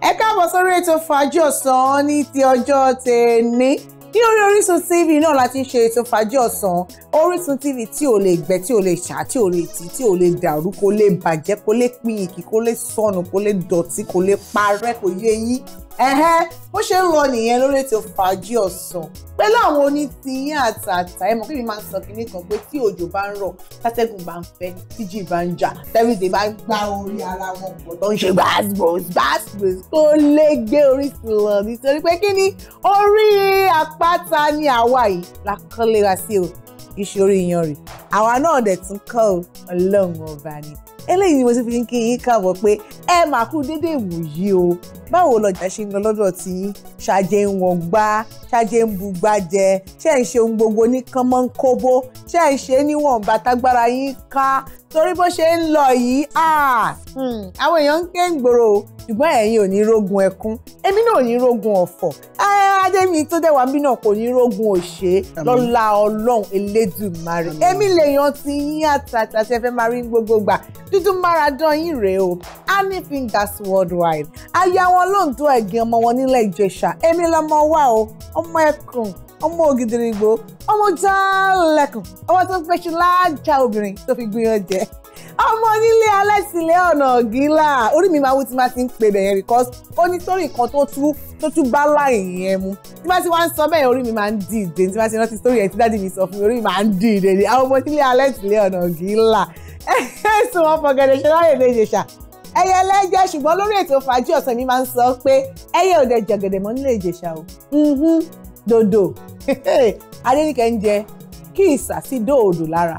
ẹ káàbọ̀ sórí ètò fàájì ọ̀sán ní ti ọjọ́ tèmi ní orí Orísun TV náà láti ṣe ètò fàájì ọ̀sán Orísun TV tí ò lè gbẹ tí ò lè ṣá tí ò lè tì tí ò lè dàrú kó lè bàjẹ́ kó lè pín ìkì kó lè sọnù kó lè dọ̀tí kó lè parẹ́ kó yé yín ẹ̀hẹ́ bó ṣe ń lọ nìyẹn lórí ètò fàájì ọ̀sán pẹ̀lú àwọn onítìyín àtàtà ẹ̀mọ́ kí mi máa ń sọ kínní kan pé tí òjò bá ń rọ̀ tátẹ́gùn bá ń fẹ́ tíjì bá ń jà tẹ́rìsì bá ń gbá orí ara wọn pọ̀ tó ń ṣe gbàsgbòs gbàsgbòs tó lé gbé Orísun lọ nítorí pé kí ni orí àpáta ni àwa yìí la kọ́lé wa sí o kì í ṣe orí iyanrìn àwa náà dẹ̀ tún kọ́ ọ ọlọ́run ọba ni eléyìí ni mo ti fi ń kí yín káàbọ̀ pé ẹ máa kú dédé ìwòyí o báwo lọjà ṣe ń lọ lọ́dọ̀ tí ṣàjẹ́ ń wọ̀n gbá ṣàjẹ́ ń bu gbájẹ ṣe ń ṣe ohun gbogbo ní kánmọ́nkóbó ṣe ń ṣe níwọ̀nba tágbára yín ká torí bó ṣe ń lọ yìí hmm, àwọn èèyàn ń ké ń gbòòrò ṣùgbọ́n ẹ̀yin ò ní rógun ẹkún èmi náà ò ní rógun ọ̀fọ̀ adémi tó dẹ̀ wá mí náà kò ní rógun òṣè lọ́la ọlọ́run elédùmarè èmi lèèyàn ti yín àtàtà ṣe fẹ́ máa rí gbogbo gbà dúdú máradán yín rèé o honey fingers worldwide aya wọn ọlọ́ǹdún ẹ̀gìn ọmọ wọn nílẹ̀ ìjẹ̀ṣà èmi lọmọ wa o ọmọ ẹkùn ọmọ ògìdìrìgbò ọmọ jálẹ̀kùn ọmọ tó ń pẹ́ṣu láàjà obìnrin tó fi gbìyàn jẹ ọmọ nílé alẹ́sìnlẹ̀ ọ̀nà gíla orí mi máa wú tí máa ti ń pè bẹ̀yẹn because ó ní sórí nǹkan tó tú tó tú bá láì yẹn mu tí máa ti wá ń sọ bẹ́ẹ̀ orí mi máa ń dì ìdè tí máa ti rántí sórí ẹ̀ tí dáàdi mi sọ fún mi orí mi máa ń dì ìdè ni àwọn ọmọ nílé alẹ́sìnlẹ̀ ọ̀nà gíla ẹ̀ẹ́sùn wọn fọ̀gẹ̀dẹ̀ ṣe láyè méje ṣá ẹyẹ ẹlẹ́jẹ̀ ṣùgbọ́n lórí ètò fàájì ọ̀sẹ̀ mi máa ń sọ pé ẹyẹ òde jọ̀gẹ̀dẹ̀ mọ́ nílé ìjẹ̀ṣà o dòdò adéníkẹ́ ń jẹ kí ìsà sí dòdò lára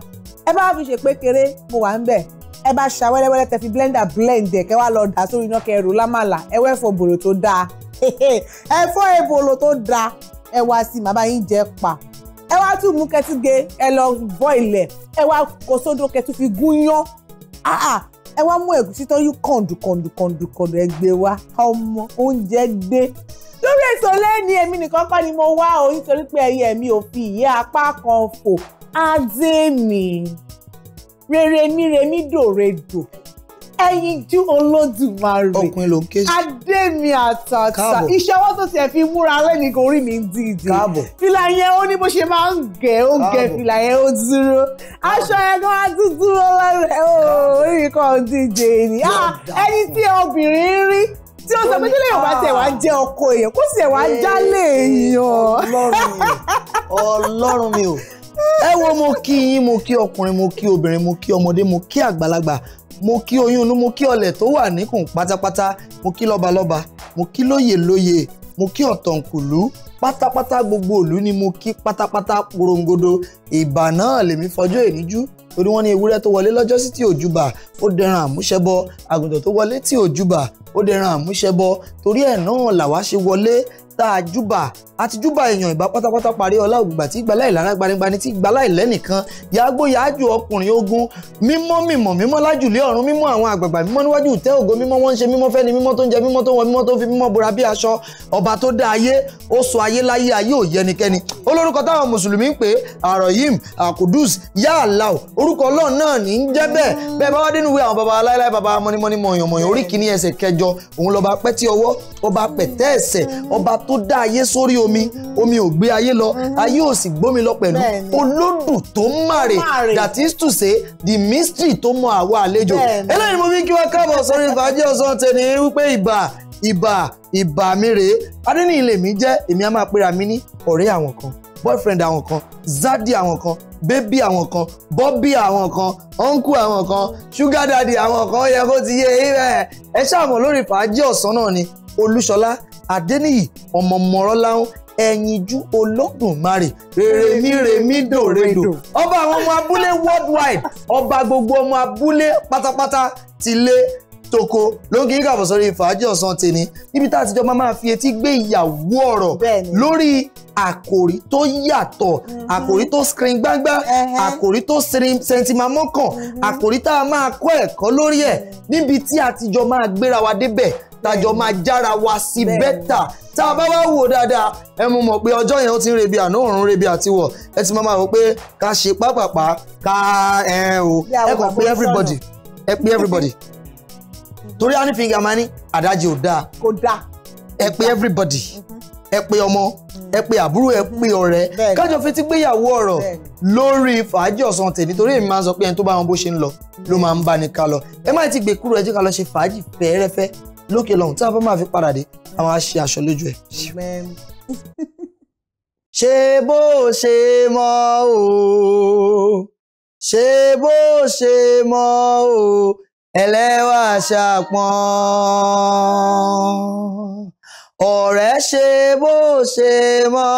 ẹ bá fi ṣe pé kéré mo wà ń bẹ̀ ẹ bá ṣa wẹ́lẹ́wẹ́lẹ́ tẹ fi blender blend ẹ̀ kẹ́ wá lọ dà sórí iná kẹrù lámàlà ẹ wẹ́ fọ bòlò tó dáa ẹ fọ èbòlò tó dáa ẹ wá sí màbá yín jẹ pa ẹ wá tún mú kẹtùgé ẹ lọ bọ ilẹ̀ ẹ wá kó sódò kẹtù fi gún yán ah, ah ẹ wá mú ẹ̀gúsí tó yí kọ̀ǹdùkọ̀ǹdùkọ̀ǹdù ẹgbẹ́ wa ọmọ oúnjẹ gbé lórí ètò lẹ́ni èmi nìkan kọ́ ni mo wá o nítorí pé ẹyẹ mi ò fi ìyẹ́ apá kan fò á dé mi rere mi remi dòre dò ẹyinjú olódùmarè ọkùnrin ló ń ké sí. adémi àtàtà iṣẹ́ ọwọ́ tó tiẹ̀ fi múra lẹ́ni kò rí mi dídì. káàbọ̀ fìlà yẹn ó ní bó ṣe máa ń gẹ̀ ó gẹ̀ fìlà yẹn ó dúró aṣọ yẹn gan á tún dúró lọ́rẹ̀ ó orí kan díje ni ah, ẹni tí obìnrin rí tí ó sọ pé tí lèèyàn bá tẹ̀ wá jẹ́ ọkọ èèyàn kó sì ẹ̀ wá jálè èèyàn. ọlọ́run mi ò ẹ wo mo kí yín mo kí ọkùnrin mo kí obìnrin mo kí ọmọdé mo kí àgbàlagbà mo kí oyún inú mo kí ọlẹ̀ tó wà níkùn pátápátá mo kí lọ́balọ́ba mo kí lóyè lóyè mo kí ọ̀tọ̀nkùlú pátápátá gbogbo òlú ni mo kí pátápátá porongodo ìbà náà lèmi fọjọ́ èníjú torí wọ́n ní ewúrẹ́ tó wọlé lọ́jọ́sí tí òjúbà ó dẹran àmúṣẹbọ àgùntàn tó wọlé tí òjúbà ó dẹran àmúṣẹbọ torí ẹ̀ náà làwa ṣe wọlé tá a júbà àti júbà èèyàn ìbá pátápátá parí ọlá ògbà tí gbalá ìlànà gbanigbani tí gbalá ìlẹ́nìkan yàgbó yàájú ọkùnrin ogun mímọ́ mímọ́ mímọ́ lájùlé ọ̀run mímọ́ àwọn àgbààgbà mímọ́ níwájú ìtẹ́ ògo mímọ́ wọ́n ń ṣe mímọ́ fẹ́ni mímọ́ tó ń jẹ mímọ́ tó ń wọ mímọ́ tó ń fi mímọ́ bora bí aṣọ ọba tó dá ayé ó sọ ayé láyé ayé ò yẹ ẹnikẹ́ni olórúkọ táwọn mùsùlùmí ń pè àròyìn àkùdùs yáàlá orúkọ ọlọ́run náà ní í jẹ́ bẹ́ẹ̀ bẹ́ẹ̀ bá wá dé nínú àwọn baba aláìláì baba mọ́nímọ́ní mọ̀yànmọ̀yàn orí kìíní ẹsẹ̀ kẹjọ òun lọ́ba pẹ́tí ọwọ́ ọba pẹ̀tẹ́ ẹsẹ̀ ọba tó dá ayé sórí omi omi ò gbé ayé lọ mm-hmm. ayé ò sì gbómi lọ pẹ̀lú olódù tó màrè that is to say the mystery tó mọ àwa àlejò eléyìí mo fi kí wọ́n káàbọ̀ sórí fàájì ọ̀sán tẹ̀lé wípé ìbà ìbà ìbà mi rèé adéníyìn lèmi jẹ́ èmi á máa pera mi ní ọ̀rẹ́ àwọn kan boyfriend àwọn kan zadi àwọn kan bébí àwọn kan Bobby, àwọn kan ọ́nkù àwọn kan ṣúgà dàdí àwọn kan ó yẹ kó ti yé e bẹ́ẹ̀ ẹ ṣáà mọ̀ lórí fàájì ọ̀sán náà ni olúṣọlá adéníyì ọmọ mọ̀rọ́láhùn ẹ̀yinjú olódùmarè rèrèmí rèmí dòrèdò ọba àwọn ọmọ abúlé worldwide ọba gbogbo ọmọ abúlé pátápátá tilé toko ló ń kí yíká àbọ̀ sórí fàájì ọ̀sán tèmi níbi tá a ti jọ máa fi etí gbé ìyàwó ọ̀rọ̀ lórí àkòrí tó yàtọ̀ mhm. àkòrí tó screen gbangba àkòrí tó sentimamọ́kàn mhm. àkòrí tá a máa kọ́ ẹ̀kọ́ lórí ẹ̀ mhm. níbi tí a ti jọ máa gbéra wa débẹ̀ tájọ máa jára wa sí bẹ́tà tá a bá wá wò dáadáa ẹ mú mọ̀ pé ọjọ́ yẹn ó ti ń rebi àná òórùn rebi àtiwọ̀ ẹ ti máa máa wò pé ká ṣe pápápá ká ẹ o ẹ kàn pé everybody ẹ pé everybody torí honey finger máa ní àdájì ò dáa kò dáa ẹ pé everybody ẹ pé ọmọ ẹ pé àbúrò ẹ pé ọ̀rẹ́ kájọ fi ti gbéyàwó ọ̀rọ̀ lórí fàájì ọ̀sán tèmi torí èmi máa ń sọ pé ẹni tó bá wọn bó ṣe ń lọ ló máa ń bá ní ká lọ ẹ má ti gbé kúrò ẹ jẹ́ ká lọ ṣe fàájì fẹ́ẹ́rẹ́fẹ́ lókè lọ́hùn tí a bá máa fi padà dé a máa ṣe aṣọ lójú ẹ̀. ṣé bó ṣe mọ o ṣé bó ṣe mọ o ẹlẹ́wà ṣàpọ̀n ọ̀rẹ́ ṣe bó ṣe mọ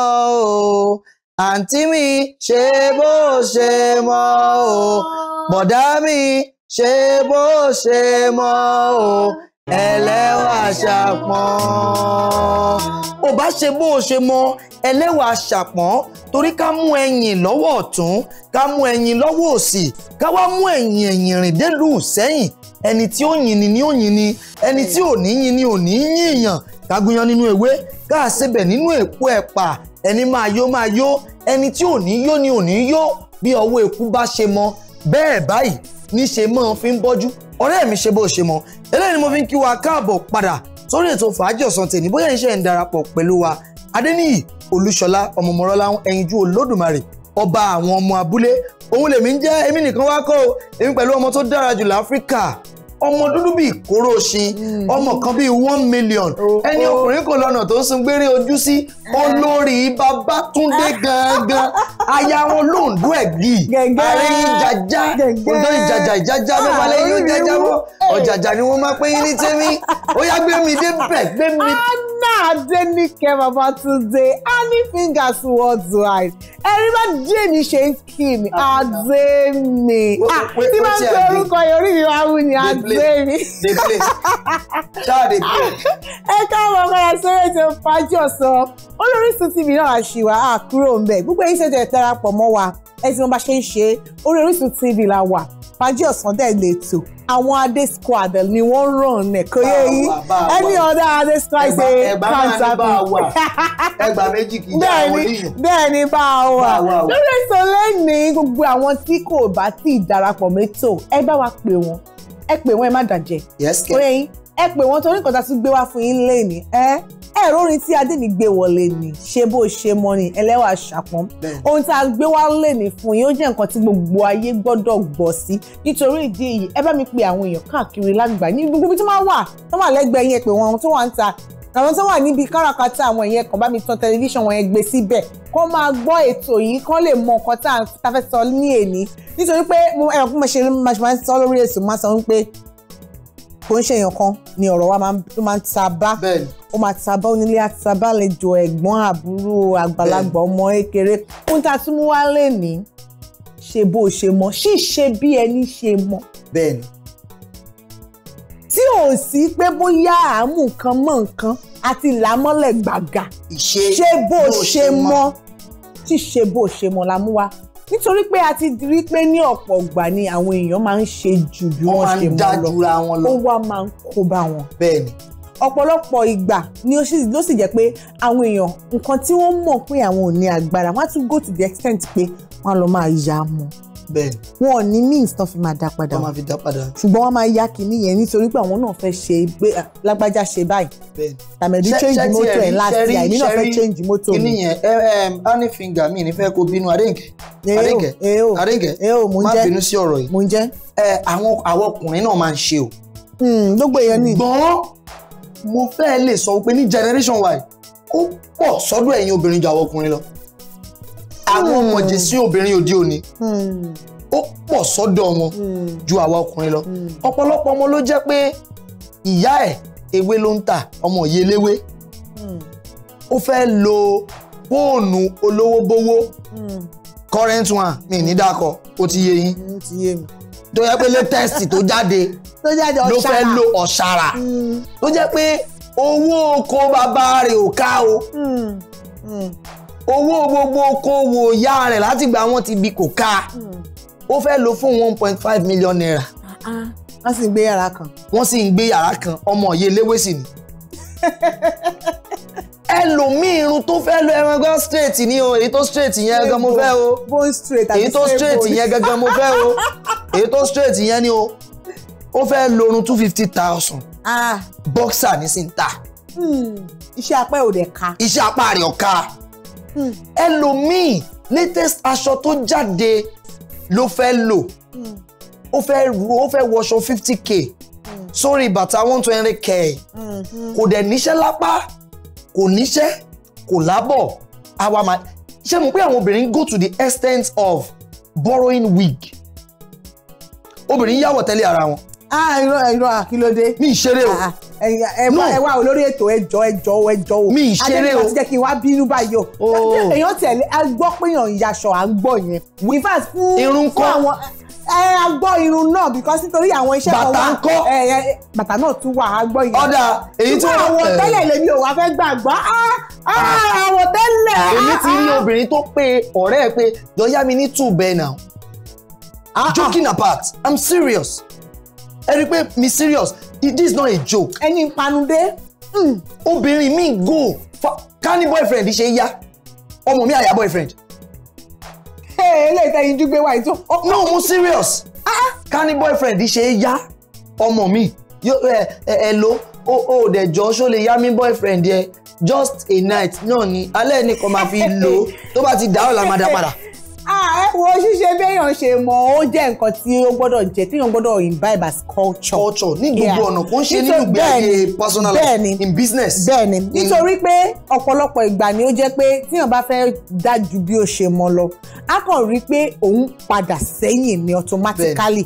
o àǹtí mi ṣe bó ṣe mọ o bọ̀dá mi ṣe bó ṣe mọ o ẹlẹ́wà ṣàpọ̀n. ò bá ṣe bó o ṣe mọ ẹlẹ́wà ṣàpọ̀n torí ká mú ẹ̀yìn lọ́wọ́ ọ̀tún ká mú ẹ̀yìn lọ́wọ́ òsì ká wá mú ẹ̀yìn ẹ̀yìn rìn délùú sẹ́yìn ẹni tí ó yin ni ni ó yin ni ẹni tí ò ní yin ni ò ní yín èèyàn ká gúnyán nínú ewé ká ṣebẹ̀ nínú èpo ẹ̀pà ẹni máa yó máa yó ẹni tí ò ní yó ni ò ní yó bí ọwọ́ eku bá ṣe mọ bẹ́ẹ̀ báyìí níṣe mọ́ fi ń bọ́jú ọ̀rẹ́ mi ṣe bó ṣe mọ eléyìí ni mo fi ń kí wa káàbọ̀ padà sórí ètò fàájì ọ̀sán tèmi bóyá iṣẹ́ ń darapọ̀ pẹ̀lú wa adéníyì olúṣọlá ọmọmọrọlá ẹyinjú olódùmarè ọba àwọn ọmọ abúlé òun lèmi ń jẹ́ èmi nìkan wá kọ́ èmi pẹ̀lú ọmọ tó dára jù láfíríkà ọmọ hmm. dúdú bíi kóró ṣin hmm. ọmọ kan bíi one million oh, ẹni oh. ọkùnrin kan lọ́nà tó ń sun gbére ojú sí olórí Babátúndé ah. gangan aya wọn lóńdó ẹ̀gbì ààrẹ ìjàjá ọjọ́ ìjàjà ìjàjá ló máa lẹ́yìn ìjàjá wọn ọ̀jàjà ni wọ́n máa pé yín ní tèmi ó yá gbé mi dé bẹ̀ gbé mi. Ah, Hannah Adenike Babatunde honey fingers worldwide ẹ̀rí bá jẹ́mi ṣe ń kí mi ah, Adémi ah, tí máa ń pe orúkọ yẹn orí mi wá wú ni Adémi. ẹ káàbọ̀ padà sórí ètò Fàájì Ọ̀sán Orísun TV náà àṣìwà àkúrò ń bẹ̀ gbogbo ẹ̀yin ṣẹ̀ṣẹ̀ darapọ̀ mọ́ wa ẹ tí wọ́n bá ṣe ń ṣe orí Orísun TV la wà Fàájì Ọ̀sán dẹ̀ lè tò àwọn adé squad ni wọ́n ràn ní kò yé yín any other adé squad ṣe cancer people. ẹgbà méjì kì í dá àwọn oníyìn. bẹ́ẹ̀ ni bá a wà lórí ètò lẹ́nìí gbogbo àwọn tí kò bá tí ì darapọ̀ mẹ́tò ẹ bá wa pè wọ́n ẹ pè wọ́n ẹ má dàjẹ́. yes kẹ́ ẹ pè wọ́n torí nǹkan tá a tún gbé wá fún yín lẹ́ni ẹ ẹ rórin tí adémi gbé wọlé ni ṣé bó ṣe mọ ni ẹlẹ́wà ṣàpọ́n ohun tá a gbé wá lẹ́ni fún yín ó jẹ́ nǹkan tí gbogbo ayé gbọ́dọ̀ gbọ́ sí nítorí ìdí èyí ẹ bá mi pe àwọn èèyàn káàkiri lágbàá ní gbogbo ibi tó máa wà tó wà lẹ́gbẹ̀ẹ́ yẹn pé wọ́n tó wà ń ta àwọn tó wà níbi káràkátà àwọn ìyẹn kan bá mi tan tẹlifíṣàn wọn yẹn gbé síbẹ̀ kó máa gbọ́ ètò yìí kó lè mọ nǹkan tá a fẹ́ sọ ní èní nítorí pé ẹ̀rọ fún mo ṣe máa sọ lórí ètò máa sọ wípé kò èèyàn kan ni ọ̀rọ̀ wa máa ń ta ó máa ta onílé àta àlejò ẹ̀gbọ́n àbúrò àgbàlagbà ọmọ ékeré ohun tá a tún mú wá lè ní ṣe bó ṣe mọ ṣíṣe bí ẹni ṣe mọ. bẹ́ẹ̀ni. tí ò sí pé bóyá àmú nǹkan mọ nǹkan àti làmọ́lẹ̀ gbàgà ṣe bó ṣe mọ ṣíṣe bó ṣe mọ la nítorí pé a ti rí pé ní ọ̀pọ̀ ìgbà ni àwọn èèyàn máa ń ṣe jù bí wọ́n ṣe mọ́ lọ ó wá máa ń kó bá wọn. bẹ́ẹ̀ni ọ̀pọ̀lọpọ̀ ìgbà ni ó sì ló sì jẹ́ pé àwọn èèyàn nǹkan tí wọ́n mọ̀ pé àwọn ò ní agbára wọ́n á tún go to the extent pé wọ́n á lọ máa ya mọ́ bẹ́ẹ̀ni. wọn ò ní means tán fi máa dá padà. wọ́n máa fi dá padà. ṣùgbọ́n wọ́n máa ya kínní yẹn nítorí pé àwọn náà fẹ́ ṣe gbé lágbájá ṣe báyìí. bẹ́ẹ̀ni. tàmẹ̀dí change motor ẹ̀ láti ẹ̀ èmi náà fẹ́ change motor mi. kínní yẹn honey finger mi ní fẹ́ kó bínú adéǹkè. adéǹkè adéǹkè má bínú sí ọ̀rọ̀ yìí. mo ń jẹ́. àwọn ọkùnrin náà máa ń ṣe o. Hmm, gbogbo èèyàn ni. ṣùgbọ́n mo fẹ́ lè sọ pé ní generation y ó pọ̀ sọ́dọ̀ ẹ̀yin obìnrin ju àwọn ọkùnrin lọ àwọn hmm. ọmọ jèsí obìnrin òde òní hmm. ó pọ̀ sọ́dọ̀ wọn hmm. ju àwa ọkùnrin lọ ọ̀pọ̀lọpọ̀ ọmọ ló jẹ́ pé ìyá ẹ̀ ewé ló ń tà ọmọ yìí eléwé ó fẹ́ lo fóònù olówó bówó current one mi ní dákọ̀ ó ti yé yín tó yẹ pé latest tó jáde ló fẹ́ lo ọ̀ṣàrà tó jẹ́ pé owó oko bàbá rẹ̀ ò ká o. Mm. Mm owó gbogbo okòwò ìyá rẹ̀ látìgbà wọn ti bí kò ká ó fẹ́ lò fún one point five million naira. Ah, ah. wọ́n sì ń gbé yàrá kan. wọ́n sì ń gbé yàrá kan ọmọ yìí léwé sì ni. ẹlòmíì irun tó fẹ́ lo ẹran gan straight ni o èyí tó straight yẹn gan mo fẹ́ o èyí tó straight yẹn gangan mo fẹ́ o èyí tó straight yẹn ni o ó fẹ́ lo irun two fifty thousand ah. boxer ní sí ń ta. Hmm. iṣẹ́ apá ò dẹ̀ ka. iṣẹ́ apá rẹ̀ ò ka. Hmm. ẹlòmíì latest aṣọ tó jáde ló fẹ́ lò hmm. ó fẹ́ ro ó fẹ́ wọṣọ fifty k hmm. sórí bàtà one twenty k kò dẹ̀ níṣẹ́ lápá kò níṣẹ́ kò lábọ̀ àwa máa ṣé mo pé àwọn obìnrin go to the extent of borrowing wig obìnrin yàwọ̀ tẹ́lẹ̀ ara wọn. ah irọ́ irọ́ àkìlódé. mi ì ṣeré o. Ah. ah ẹ wá olórí ètò ẹjọ ẹjọ ẹjọ o mi ìṣeré o adébíyàn ti jẹ́ kí n wá bínú báyìí o oh. èèyàn tẹ̀lé a gbọ́ pé èèyàn yaṣọ à ń gbọ́ yẹn in fact fún irun kọ́ ẹ a gbọ́ irun náà because nítorí àwọn iṣẹ́ kan wà bàtà ń kọ́ bàtà náà tún wà a gbọ́ yẹn ọ̀dà èyí tí wọ́n àwọn eh. tẹ́lẹ̀ lèmi ò wá fẹ́ gbàgbọ́ ah, ah, àwọn tẹ́lẹ̀. èmi ti rí ah, obìnrin tó pe ọ̀rẹ́ pé yọ̀ọ́yá mi ní two bẹ́ẹ̀ náà joking apart i'm serious ẹ rí i pé mi serious this is not a joke. ẹni panudé. Hmm. obìnrin mi go for ní boyfriend ṣe yá ọmọ mi àyà boyfriend. eléyìí tẹ́yìn dúgbé wáyé tó. no mo serious ká ní boyfriend ṣe yá ọmọ mi ah! ẹ lo ó dẹ̀ jọ ṣó lè yá mi boyfriend yẹ just a night náà ni alẹ́ nìkan máa fi lò ó tó bá ti dà ọ́ padà. Ah, ẹ wo ṣíṣe béèyàn ṣe mọ̀ ó jẹ́ nǹkan tí ó gbọ́dọ̀ jẹ́ téèyàn gbọ́dọ̀ imbibe as culture. culture ní gbogbo ọ̀nà kò ń ṣe nínú gbẹ̀yẹ personal life in business. bẹ́ẹ̀ni nítorí pé ọ̀pọ̀lọpọ̀ ìgbà ni ó jẹ́ pé téèyàn bá fẹ́ dá ju bí ó ṣe mọ̀ lọ á kàn rí pé òun padà sẹ́yìn ni automatically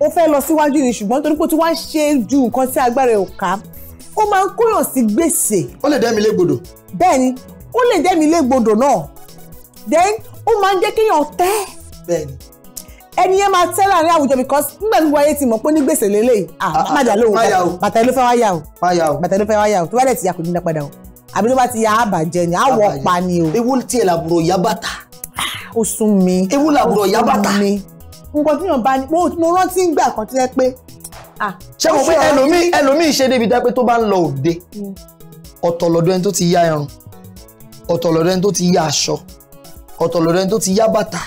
ó fẹ́ lọ síwájú ni ṣùgbọ́n torí pé ó ti wá ṣe ju nǹkan tí agbára ẹ̀ ò ká ó máa ń kóyàn sí gbèsè. ó lè dẹ́mi légbodò. bẹ́ẹ̀ni ó lè dẹ́mi légbodò náà then ó máa ń jẹ́ kéèyàn tẹ́. bẹ́ẹ̀ni. ẹni yẹn máa tẹ́ láàrin àwùjọ because nígbà tí wáyé ti mọ̀ pé ní gbèsè lélẹ́yìí ah má dà lóhùn bàtà ló fẹ́ wá yà o bàtà ló fẹ́ wá yà o tó bá dẹ̀ ti yà kò ní dá padà o àbí ló bá ti yà á bàjẹ́ ni á wọ̀ pa ni o. ewu tiẹ̀ làbúrò ìyá bàtà. ó sún mi. ewu làbúrò ìyá bàtà. nǹkan tí yàn bá ní mo rántí ń gbà kan tí wọ́n pé. ṣé mo pé ẹlòmíì ẹlòmíì ṣe débi dápé tó bá ń lọ òde hmm. ọ̀tọ̀ lọ́dọ̀ ẹni tó ti yá ẹran ọ̀tọ̀ lọ́dọ̀ ẹni tó ti yá aṣọ ọ̀tọ̀ lọ́dọ̀ ẹni tó ti yá bàtà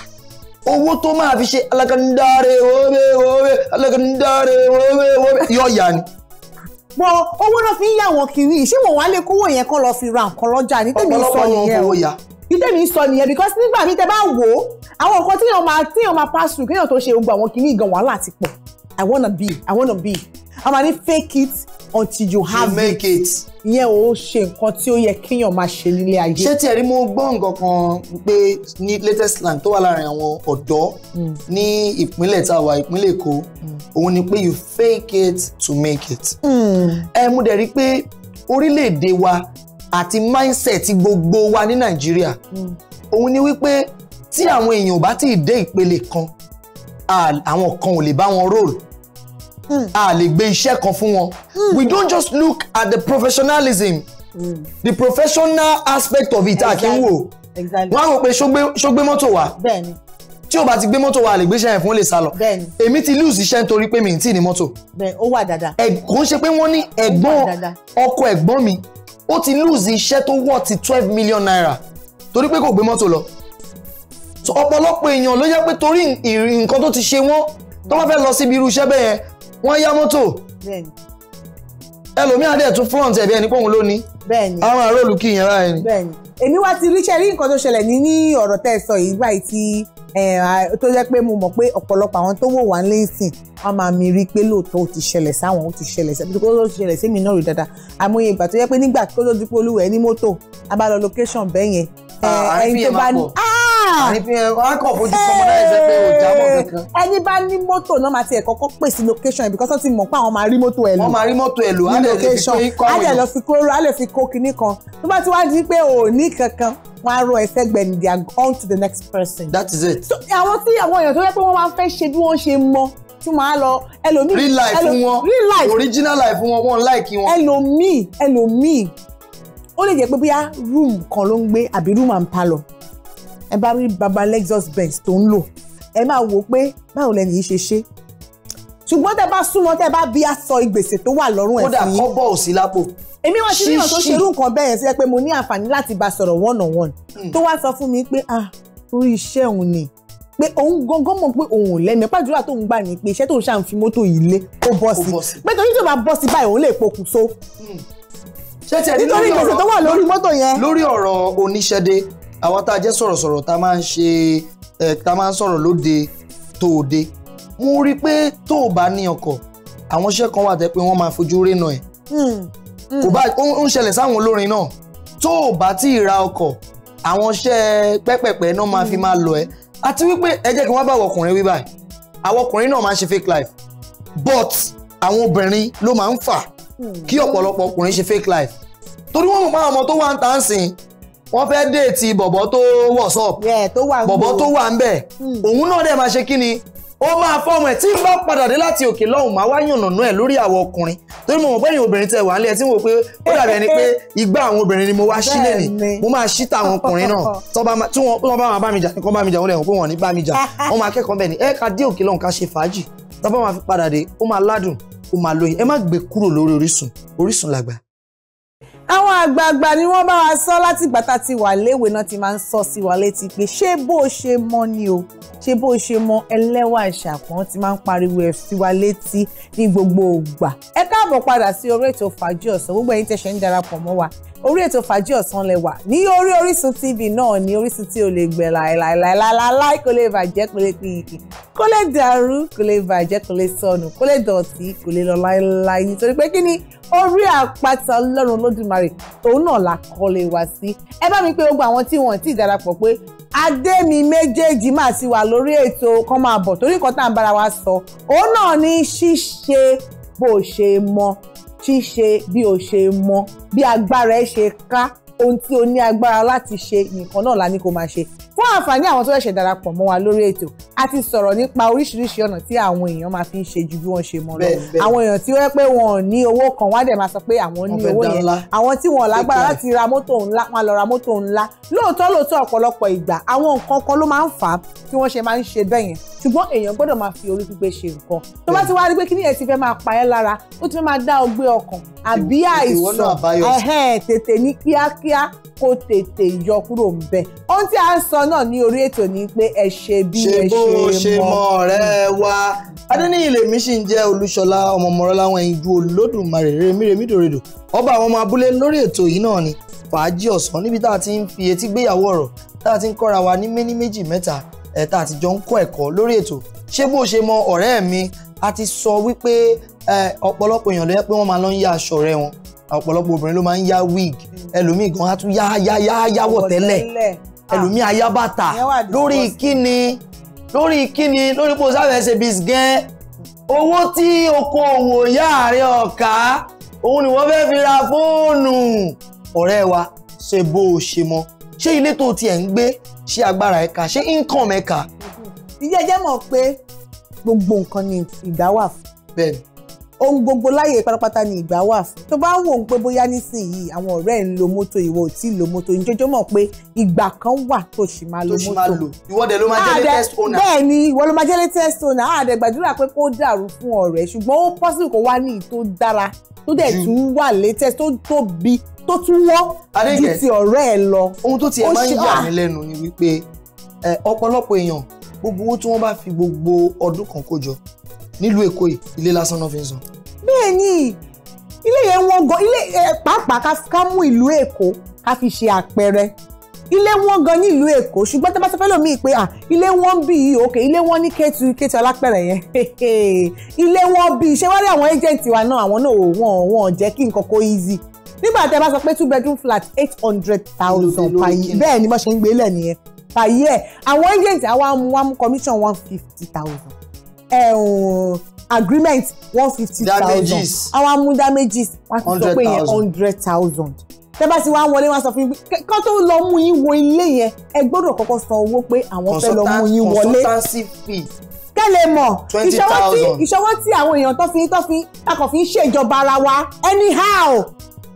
owó tó máa fi ṣe alákàndáre wọ́wé wọ́wé alákàndáre wọ́wé wọ́wé yọ ya ni. bọ owó náà fi ń yà wọn kiri ṣé wọn wá lè kówó yẹn kó lọ fi ra nǹkan lọ́jà ní tèmi sọ nìyẹn o ìdẹ́mi sọ nìyẹn because nígbà mi tẹ bá wò ó àwọn nǹkan tíyàn máa tíyàn máa pass through kéèyàn tó ṣe gbogbo àwọn kìíní gan wàhálà ti pọ̀ I wanna be I wanna be I'm gonna fake it until you have you make it ìyẹn ò ṣe nǹkan tí ó yẹ kéèyàn máa ṣe nílé ayé. ṣé tiẹ̀ rí mo gbọ́ nǹkan kan pé ní latest slang tó wà láàrin àwọn ọ̀dọ́ hmm. ní ìpínlẹ̀ tá a wà ìpínlẹ̀ èkó hmm. òun ni pé you fake it to make it. Hmm. ẹ mú dẹ̀ rí pé orílẹ̀-èdè wa àti mindset gbogbo wa ní nàìjíríà òun ni wípé tí àwọn èèyàn ò bá ti dé ìpele kan àwọn kan ò lè bá wọn róòlù Hmm. a lè gbé iṣẹ́ kan fún wọn hmm. we don't just look at the professionalism mm. the professional aspect of it a kì í wò wọ́n á rò pé ṣó gbé mọ́tò wá tí o bá ti gbé mọ́tò wa lè gbéṣẹ́ yẹn fún lè sá lọ. bẹ́ẹ̀ni èmi ti lose iṣẹ́ nítorí pé mi ì tí ì ní mọ́tò. bẹ́ẹ̀ ó wà dáadáa. ẹ kò ń ṣe pé wọ́n ní ẹ̀gbọ́n ọkọ ẹ̀gbọ́n mi ó ti lose iṣẹ́ tó wọ̀ ti twelve million naira torí pé kò gbé mọ́tò lọ. so ọ̀pọ̀lọpọ̀ èèyàn ló yẹ pé torí nǹkan tó ti ṣe wọ́n tó bá fẹ́ lọ síbi irú iṣẹ́ bẹ́ẹ̀ yẹn wọ́n yá mọ́tò ẹlòmíì adé tún front ẹ̀bí ẹni pòun ló ní àwọn ará olùkí yẹn báyìí ni. èmi wá ti ríṣẹ́ rí nǹkan tó ṣẹlẹ̀ ní ní ọ̀rọ̀ tẹ́ ẹ sọ yìí báyìí ti tó jẹ́ pé mo mọ̀ pé ọ̀pọ̀lọpọ̀ àwọn tó wò wá ń lẹ́sìn a máa mi rí i pé lóòótọ́ ó ti ṣẹlẹ̀ sáwọn ó ti ṣẹlẹ̀ sí kó ló ti ṣẹlẹ̀ sí mi náà rí dáadáa àmọ́ ìgbà tó jẹ́ pé nígbà tó ló dípò olúwẹ̀ẹ́ ní mọ́tò a lọ location bẹ́yẹn àárín pm àpò àárín pm akọ̀ fojú kọmọdé ẹ̀sẹ̀ pé ò jábọ̀ eh, kankan. ẹni bá ní mọ́tò náà máa ti ẹ̀ kọ́kọ́ pèsè location because wọ́n ti mọ̀ pé àwọn máa rí mọ́tò ẹ̀ lò. wọ́n máa rí mọ́tò ẹ̀ lò á lè fi kó á lè fi kó á lè fi kó kinní kan tó bá ti wá di pé ò ní kankan wọn á rọ ẹsẹ gbẹ̀yìn they are on to the next person. that is it. so àwọn tí àwọn èèyàn tó yẹ pé wọ́n máa fẹ́ ṣe bí wọ́n ṣe mọ tí wọ́n á lọ ẹlòmíì. real life fún wọn original life fún wọn wọn like wọn. ẹlòmíì ẹlòmíì ó lè jẹ́ pé bóyá room kan ló ń gbé àbí room and parlour ẹ bá rí baba Lexus Benz tó ń lò ẹ máa wò ó pé báwo lẹni yìí ṣe ṣe ṣùgbọ́n tẹ bá súnmọ́ tẹ bá bí aṣọ ìgbèsè tó wà lọ́rùn ẹ̀ fún yín. kódà kọ́bọ̀ ò sí lápò. èmi wá sí níyàn tó ṣerú nǹkan bẹ́ẹ̀ yẹn sí pé mo ní àǹfààní láti bá sọ̀rọ̀ one on one tó wá sọ fún mi pé ah orí iṣẹ́ òun ni pé òun gangan mọ̀ pé òun ò lẹ́nu pàdúrà tó ń gbà ní pé iṣẹ́ tó ń ṣàǹfi mọ́tò yìí lé ó bọ́ sí pé torí tó bá bọ́ sí báyìí òun lè pokùnso hmm nítorí gbèsè tó wà lórí mọ́tò yẹn. lórí ọ̀rọ̀ oníṣẹ́dé àwa tá a jẹ́ sọ̀rọ̀sọ̀rọ̀ tá a máa ń ṣe tá a máa ń sọ̀rọ̀ lóde tó o dé mo rí i pé tó o bá ní ọkọ̀ àwọn iṣẹ́ kan wà tẹ́ pé wọ́n máa fojú rénà ẹ̀ hmm, hmm. kò bá ń ṣẹlẹ̀ sáwọn olórin náà tó o bá tí ì ra ọkọ̀ àwọn iṣẹ́ pẹ́pẹ̀pẹ́ náà máa fi hmm. máa lọ ẹ́ àti wípé ẹ jẹ́ kí wọ́n bá ọkùnrin wí àwọn ọkùnrin náà máa ń ṣe fake life but àwọn obìnrin ló máa ń fà kí ọ̀pọ̀lọpọ̀ ọkùnrin ṣe fake life torí wọ́n mọ̀ pé àwọn ọmọ tó wà ń tà ń sìn wọ́n fẹ́ déètì bọ̀bọ̀ tó WhatsApp bọ̀bọ̀ tó wà ń bẹ̀ hmm. òun náà dẹ̀ máa ṣe kí ni ó máa fọ́ọ̀mù ẹ̀ tí n bá padà dé láti òkè lọ́hùn máa wá yànnàná ẹ̀ lórí àwọn ọkùnrin torí mo mọ̀ pé ẹ̀yin obìnrin tẹ́ wà nílẹ̀ tí mo pé ó dàbí ẹni pé igbá àwọn obìnrin ni mo wá sí lẹ́nìí mo máa sí táwọn ọkùnrin náà tí wọ́n bá máa bá mi jà nìkan bá mi jà wọ́n lè pé wọ́n ní bá mi jà wọ́n máa kẹ́kọ̀ọ́ bẹ́ẹ̀ ni ẹ ká dé òkè lọ́hùn ká ṣe fàájì tó bá máa fi padà dé ó máa ládùn ó máa lóyún ẹ má gbé kúrò lórí Orísun Orísun làgbà. àwọn àgbààgbà ni wọ́n bá wa sọ láti ìgbà tá a ti wà léwe náà ti máa ń sọ sí wa létí pé ṣé bó o ṣe mọ ni o ṣé bó o ṣe mọ ẹlẹ́wà ìṣàpọ̀n ti máa ń pariwo ẹ̀ sí wa létí ní gbogbo ìgbà ẹ káàbọ̀ padà sí orí ètò fàájì ọ̀sán gbogbo ẹ̀yin tẹ̀sẹ̀ ń darapọ̀ mọ́ wa orí ètò fàájì ọ̀sán lẹ́wà ní orí Orísun TV náà ní Orísun tí o lè gbẹ láìláìláìláì kò lè bàjẹ́ kò lè pìyìkì kò lè dàrú kò lè bàjẹ́ kò lè sọnù kò lè dọ̀tí kò lè lọ láìláì nítorí pé kí ni orí àpáta Ọlọ́run Olódùmarè òun náà la kọ́lé wá sí ẹ bá mi pé gbogbo àwọn tí wọ́n ti darapọ̀ pé adé mi méjèèjì máa ti wà lórí ètò kan máa bọ̀ torí nǹkan tá à ń bára wa sọ òun náà ní ṣíṣe bó ṣe mọ ṣíṣe bí o ṣe mọ bí agbára ẹ ṣe ká ohun tí o ní agbára láti ṣe nìkan náà la ní kó máa ṣe fún àǹfààní àwọn tó ṣẹ̀ṣẹ̀ darapọ̀ mọ́ wa lórí ètò a ti sọ̀rọ̀ nípa oríṣiríṣi ọ̀nà tí àwọn èèyàn máa fi ń ṣe ju bí wọ́n ṣe mọ̀ lọ àwọn èèyàn tí wọ́n pé wọn ò ní owó kan wọ́n á dẹ̀ máa sọ pé àwọn ní owó yẹn àwọn tí wọn lágbára láti ra mọ́tò ńlá wọn lọ ra mọ́tò ńlá lóòótọ́ lóòótọ́ ọ̀pọ̀lọpọ̀ ìgbà àwọn nǹkan kan ló máa ń fà á tí wọ́n ṣe máa ń ṣe bẹ́yẹn ṣùgbọ́n èèyàn gbọ́dọ̀ máa fi orí pípé ṣe nǹkan tó bá ti wá rí pé kíní ẹ̀ ti fẹ́ máa pa ẹ́ lára ó ti fẹ́ máa dá ọgbẹ́ ọkàn àbí àìsàn tètè ní kíákíá kó tètè yọ kúrò ń ohun tí a ń sọ náà ní orí ètò ni pé ẹ ṣe bí ẹ ṣe mọ ṣe bó ṣe mọ ọ̀rẹ́ wa adéníyì lèmi sì ń jẹ́ olúṣọlá ọmọmọrọlá wọn ìjú olódùmarè rèmi rèmi dòrèdò ọba àwọn ọmọ abúlé lórí ètò yìí náà ni fàájì ọ̀sán níbi tá a ti ń fi etí gbéyàwó ọ̀rọ̀ tá a ti ń kọ́ra wa ní méní méjì mẹ́ta ẹ̀ tá a ti jọ ń kọ́ ẹ̀kọ́ lórí ètò ṣé bó ṣe mọ ọ̀rẹ́ mi a ti sọ wípé ọ̀pọ̀lọpọ̀ èèyàn ló yẹ pé wọ́n máa lọ ń yá aṣọ rẹ wọn ọ̀pọ̀lọpọ̀ obìnrin ló máa ń yá wig ẹlòmíì gan á tún yá yá yá yáwọ̀ tẹ́lẹ̀ ah. ẹlòmíì ayábàtà lórí kíni lórí kíni lórí bó sáfẹ́ ṣe bisgẹ́ owó tí okoòwò yáàrin ọ̀ka òun ni wọ́n fẹ́ fi ra fóònù ọ̀rẹ́ wa ṣe bó ṣe mọ́ ṣé ilé tó tiẹ̀ ń gbé ṣé agbára ẹ̀ ká ṣé income ẹ̀ ká. ìjẹ́jẹ́ mọ̀ pé gbogbo nǹkan ni ìgbà wà fún. bẹ́ẹ̀ni. ohun gbogbo láyè pátápátá ni ìgbà wà fún. tó bá ń wò ó pé bóyá nísìnyìí àwọn ọ̀rẹ́ ń lo mọ́tò ìwọ ò tí ì lo mọ́tò ìjọjọ́ mọ̀ pé ìgbà kan wà tó sì máa lo mọ́tò. ìwọ dẹ̀ ló máa jẹ́ latest owner. bẹ́ẹ̀ni ìwọ ló máa jẹ́ latest owner àdẹ gbàdúrà pé kó dàrú fún ọ̀rẹ́ ṣùgbọ́n ó possible kó wá ní ì tó dára tó dẹ̀ tún wà latest tó tóbi tó tún wọ́ ju ti ọ̀rẹ́ ẹ lọ. ohun tó tiẹ̀ máa ń yà mí lẹ́nu ni wípé ọ̀pọ̀lọpọ̀ èèyàn gbogbo owó tí wọ́n bá fi gbogbo ọdún kan kó nílùú Èkó yìí ilé lásán náà fi ń san. bẹ́ẹ̀ ni ilé yẹn wọ́n gan ilé pàápàá ká mú ìlú Èkó ká fi ṣe àpẹẹrẹ ilé wọn gan nílùú èkó ṣùgbọ́n tó bá sọ fẹ́ lómi pé à ah, ilé wọn bí i òkè ilé wọn ní kétu kétu alápẹ̀rẹ̀ yẹn ilé wọn bí i ṣé wá rí àwọn agent wa náà àwọn náà wọn wọn jẹ́ kí nǹkan kó easy nígbà tẹ́ bá sọ pé two bedroom flat eight hundred thousand per year bẹ́ẹ̀ ni wọ́n ṣe ń gbé lẹ̀ nìyẹn per year àwọn agent àwa mú wa mú commission one fifty thousand agreement one fifty thousand àwa mú damages wọ́n ti sọ pé yẹn hundred thousand tẹ́ bá sì wá wọlé wá sọ fún yín pé kán tó lọ mú yín wo ilé yẹn ẹ gbọ́dọ̀ kọ́kọ́ san owó pé àwọn fẹ́ lọ mú yín wọlé kẹ́lẹ̀ mọ̀ ìṣọwọ́ tí àwọn èèyàn tó fi tó fi akọ̀fí ń ṣèjọba ara wa anyhow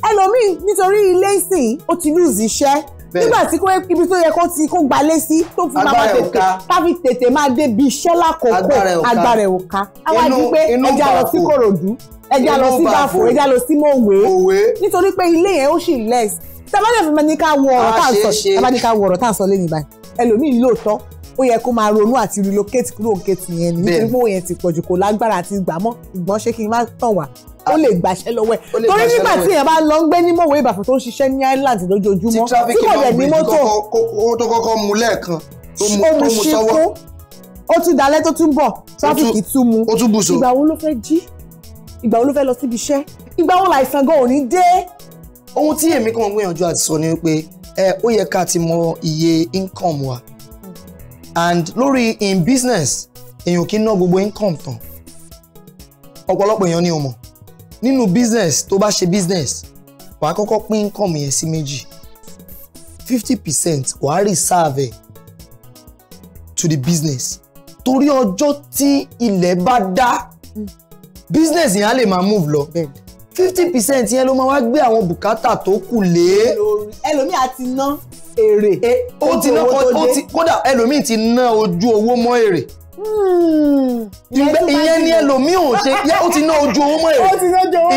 ẹlòmíì nítorí ilé ìsìn ó ti lose iṣẹ́ nígbà tí kò ibi tó yẹ kó ti kó gbalé sí tó fi máa tètè káfi tètè máa débi iṣẹ́ lákòókò agbára ẹ̀ ò ká àwa ẹja lọ sí Kòròdú ẹja lọ sí báfò ẹja lọ sí mọ̀wé nítorí pé ilé yẹn ó sì less tàbádẹ́ fi ní ká wọ ọ̀rọ̀ tá à ń sọ tàbádẹ́ ká wọ ọ̀rọ̀ tá à sọ lẹ́yìn báyìí ẹlòmíì lóòótọ́ ó yẹ kó máa ronú àti relocate kúrò kéètì yẹn ni nítorí pé òun ti pọ̀jù kò lágbára àti gbà ìgbọ́n ṣé kí n má tàn wá ó lè gbàṣẹ lọ́wọ́ ẹ̀ torí nígbà tí èèyàn bá lọ ń gbé ní mọ̀wé ìbàfọ̀ tó ń ṣiṣẹ́ ní Island lójoojúmọ́ tí kò dẹ̀ ní mọ́tò tó kọ́kọ́ mu lẹ́ẹ̀kan tó mu sọ́wọ́ ó tún dalẹ́ tó tún bọ̀ tráfíkì tún mu ìgbà wo ló fẹ́ jí ìgbà wo fẹ́ lọ síbi iṣẹ́ ìgbà wo làìsàn gan ò dé. ohun tí èmi kan gbìyànjú àti sọ ni pé ẹ ó yẹ ká ti mọ iye income wa and lórí in business èèyàn kì í ná gbogbo income tán ọ̀pọ̀lọpọ̀ èèyàn ni ò mọ̀ nínú business tó bá ṣe business wàá kọ́kọ́ pín income yẹn sí méjì fifty percent wàá reserve ẹ̀ to the business torí ọjọ́ tí ilẹ̀ bá dá. Mm business yẹn á lè máa move lọ fifty percent yẹn ló máa wá gbé àwọn bùkátà tó kù lé. ẹlòmíì àti ná èrè. ó ti ná kódà ẹlòmíì ti ná ojú owó mọ́ èrè hmm. ìyẹn ni ẹlòmíì ò ṣe yẹ ó ti ná ojú owó mọ́ èrè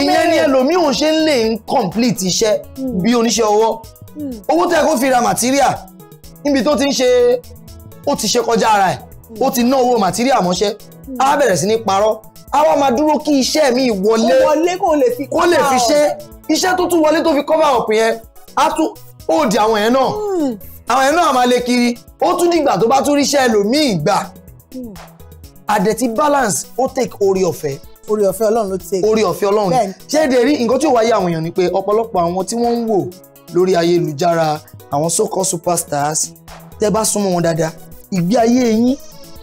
ìyẹn ni ẹlòmíì ò ṣe ń lè ń complete iṣẹ́ hmm. bí oníṣẹ́ ọwọ́ hmm. owó tẹ́ kó fi ra material níbi tó ti ń ṣe ó ti ṣe kọjá ara ẹ̀ ó ti ná owó material mọ́ṣẹ́ á bẹ̀rẹ̀ sí ní parọ́ àwa máa dúró kí iṣẹ́ mi wọlé kó lè fi ṣe iṣẹ́ tó tún wọlé tó fi cover up yẹn á tún òdì àwọn yẹn náà hmm. àwọn yẹn náà máa lè kiri ó tún dìgbà tó bá tún ríṣẹ́ ẹlòmíì gbà àdẹ̀tí hmm. balance ó take orí ọ̀fẹ́ orí ọ̀fẹ́ ọlọ́run ló take. ṣe. orí ọ̀fẹ́ ọlọ́run ṣé èdè rí nǹkan tí ò wáyé àwọn èèyàn ni pé ọ̀pọ̀lọpọ̀ àwọn tí wọ́n ń wò lórí ayélujára àwọn so-called superstars tẹ́ bá súnmọ́ wọn dáadáa ìgbé ayé yín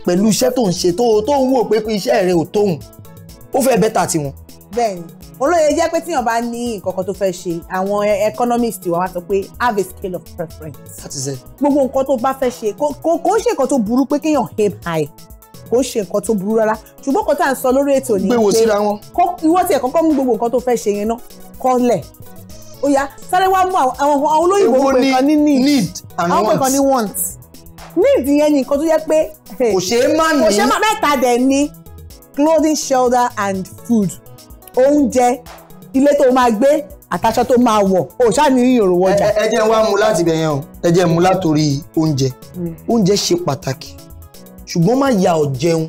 pẹ̀lú iṣẹ́ tó ń ṣe tó ń wò pé iṣẹ́ rẹ̀ ò tóun ó fẹ́ bẹ́tà tiwọn. bẹ́ẹ̀ni olóye jẹ́ pé tíyàn bá ní nǹkan kan tó fẹ́ ṣe àwọn economist wa wá sọ pé have a scale of preference. that is it. gbogbo nǹkan tó bá fẹ́ ṣe kò kò ń ṣe nǹkan tó burú pé kéèyàn aim high kò ṣe nǹkan tó burú rárá ṣùgbọ́n nǹkan tá à ń sọ lórí ètò ni pé ìwọ tiẹ̀ kọ́kọ́ mú gbogbo nǹkan tó fẹ́ ṣe yẹn náà kọ́lẹ̀ ó yá sáré wá mú àwọn olóyìnbó pé kan ní need àwọn pé kan ní want need yẹn ni nǹkan tó yẹ pé kò ṣeé má ní kò ṣeé má mẹ́ta dẹ̀ ni clothing shelter and food oúnjẹ ilé tó máa gbé àtàṣọ tó máa wọ̀ o ṣáà ní ìyòrò wọjà. ẹ jẹ́ wá mu láti ibẹ̀ yẹn o ẹ jẹ́ mu látòrí oúnjẹ hmm. oúnjẹ ṣe pàtàkì ṣùgbọ́n má ya ọ̀ jẹun.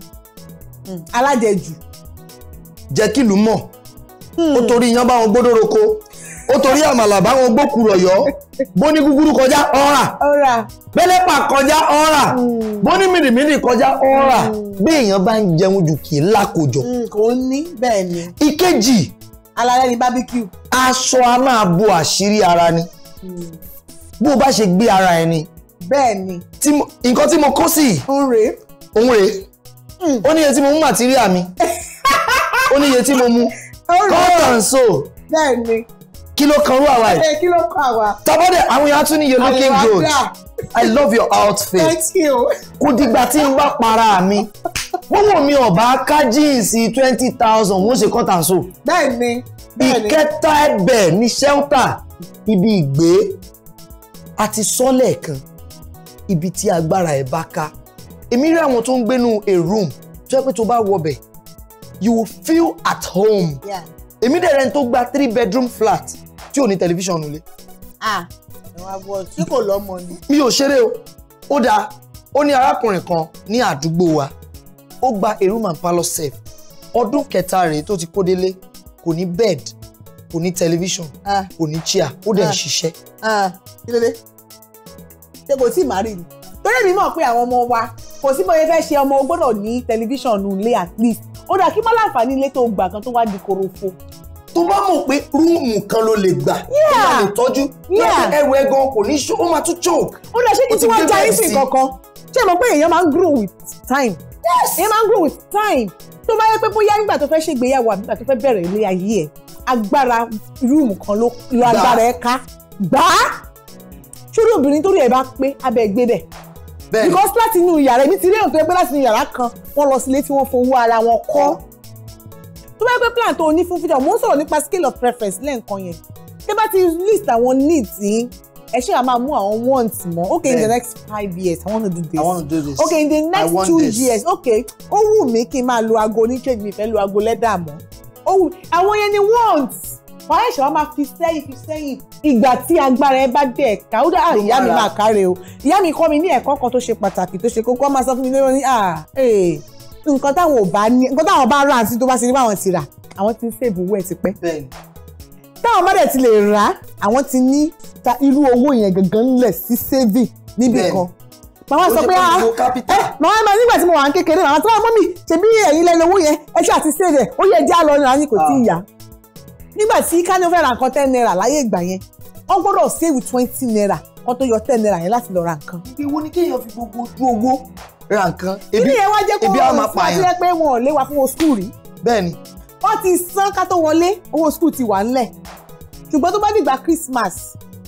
Hmm. alájẹjù. jẹ́ kí ìlú mọ̀ hmm. ó torí iyán bá wọn gbódò roko ó torí àmàlà báwọn gbókùrọ̀ yọ bóní gúgúrú kọjá ọ̀rà bẹ́lẹ́pà kọjá ọ̀rà hmm. bóní mìrìmìrì kọjá ọ̀rà hmm. bí èèyàn bá ń jẹun jù kì í lákòjọ. Hmm, kò ní bẹ́ẹ̀ ni. ìkejì. alalẹ́ ni bábíkì. aṣọ a máa bo àṣírí ara ni bó o bá ṣe gbé ara ẹ ni. bẹ́ẹ̀ ni. nǹkan tí mo kó sí. ń rèé. òun rèé. ó ní iye tí mo mú màtíríà mi ó ní iye tí mo mú. kọ́ńtà ń so. bẹ́ẹ̀ ni kí ló kan rú àwa yìí. Eh, kí ló kan àwa. tàbọ̀dẹ̀ àwọn èèyàn tún ní you looking good i love your outfit. thank you. kò dìgbà tí n bá para mi wọ́n mi ọ̀bá ká jíǹsì twenty thousand wọ́n ṣe kọ́tà so. bẹ́ẹ̀ni bẹ́ẹ̀ni. ìkẹta ẹ̀bẹ̀ ní shelter ibi ìgbé àti sọ́lẹ̀ kan ibi tí agbára ẹ̀ bá ká èmi rí àwọn tó ń gbénu a room tó yẹ pé tó bá wọbẹ̀ you feel at home. èmi dẹ̀ rẹ̀ ń tó gba three bedroom flat tí ò ní tẹlifíṣàn nulẹ̀. ah àwọn abọ́ tí kò lọ́mọ ni. mi ò ṣeré o ó dáa ó ní arákùnrin kan ní àdúgbò wa ó gba a room and parlour set ọdún kẹta rèé tó ti kó délé kò ní bed kò ní tẹlifíṣàn kò ní chair ó dẹ̀ ń ṣiṣẹ́. kí ló dé ṣé kò tí ì má rí ni torí mi mọ̀ pé àwọn ọmọ wa kò sí bóyá fẹ́ ṣe ọmọ o gbọ́dọ̀ ní tẹlifíṣàn nù at least ó dà kí mọ́ láǹfààní ilé tó gbà kan tó wá di korofo tó bá mọ̀ pé rúùmù kan ló lè gbà tó bá lè tọ́jú lọ́pọ̀ ẹrù ẹ̀gan kò ní ṣó ó máa tún choke. ó lọ ṣé kí tí wọ́n já yín sí kankan ṣé mo pé èèyàn máa ń grow with time. yes èèyàn máa ń grow with time tó bá yẹ pé bóyá nígbà tó fẹ́ ṣègbéyàwó àbí nígbà tó fẹ́ bẹ̀rẹ̀ ilé ayé ẹ̀ agbára rúùmù kan ló lọ agbára ẹ̀ ká gbà á ṣórí obìnrin torí ẹ̀ bá pé abẹ́ gbé bẹ̀ because láti inú yàrá ibi tí ilé òtún ẹgbẹ́ láti inú yàrá kan wọ́n lọ sílé tí wọ́n fowó ara wọn kọ́ tó bá gbé plan tó o ní fún future mo ń sọ̀rọ̀ nípa scale of preference lẹ́ǹkan yẹn tẹ́ bá ti list àwọn needs yín ẹ ṣe à máa mú àwọn wants mọ okay in the next five years I want to do this I want to do this okay in the next two this. years okay ó wù mí kí n máa lo aago ní change mi fẹ́ lo aago lẹ́dà mọ́ ó wù àwọn yẹn ni wants wọ́n ṣẹ̀ṣẹ̀ wọ́n máa fi sẹ́yìn fi sẹ́yìn ìgbà tí agbára ẹ bá dẹ̀ ẹ̀ka ó dá ah, ìyá mi máa káre o ìyá mi kọ́ mi ní ẹ̀kọ́ kan tó ṣe pàtàkì tó ṣe kókó wọ́n máa sọ fún mi lórí ah ee. Eh, hey nǹkan táwọn ò bá ní nǹkan táwọn bá rà sí tó bá ṣe nípa àwọn ti rà àwọn ti ń sèbù owó ẹ̀ ti pẹ́. táwọn bá dẹ̀ ti lè rà àwọn ti ní ta irú owó yẹn gangan ńlẹ̀ sí saving níbì kan màmá sọ pé ah ẹ màmá ẹ nígbà tí mo wà ní kékeré màmá tí wọn ah, mọ mi ṣèbí ẹ̀yin lẹnu owó yẹn ẹ ṣe àti save ẹ ó yẹ jẹ àlọ ní àyìn kò tí ì ah. yá nígbà tí kánú fẹ́ ra nǹkan ten naira láyé ìgbà yẹn wọ́n gbọ́dọ̀ save with twenty naira kó tó yọ ten naira yẹn láti lọ ra nǹkan. ìwọ ni kéèyàn fi gbogbo ojú owó ra nǹkan ebi ebi a máa pààyàn. kí ni ẹ wá jẹ́ kó wọ́n síwájú pé wọn ò lé wa fún owó skul rí. bẹ́ẹ̀ni. wọ́n ti san ká tó wọlé owó skul ti wà ńlẹ̀ ṣùgbọ́n tó bá dìgbà Christmas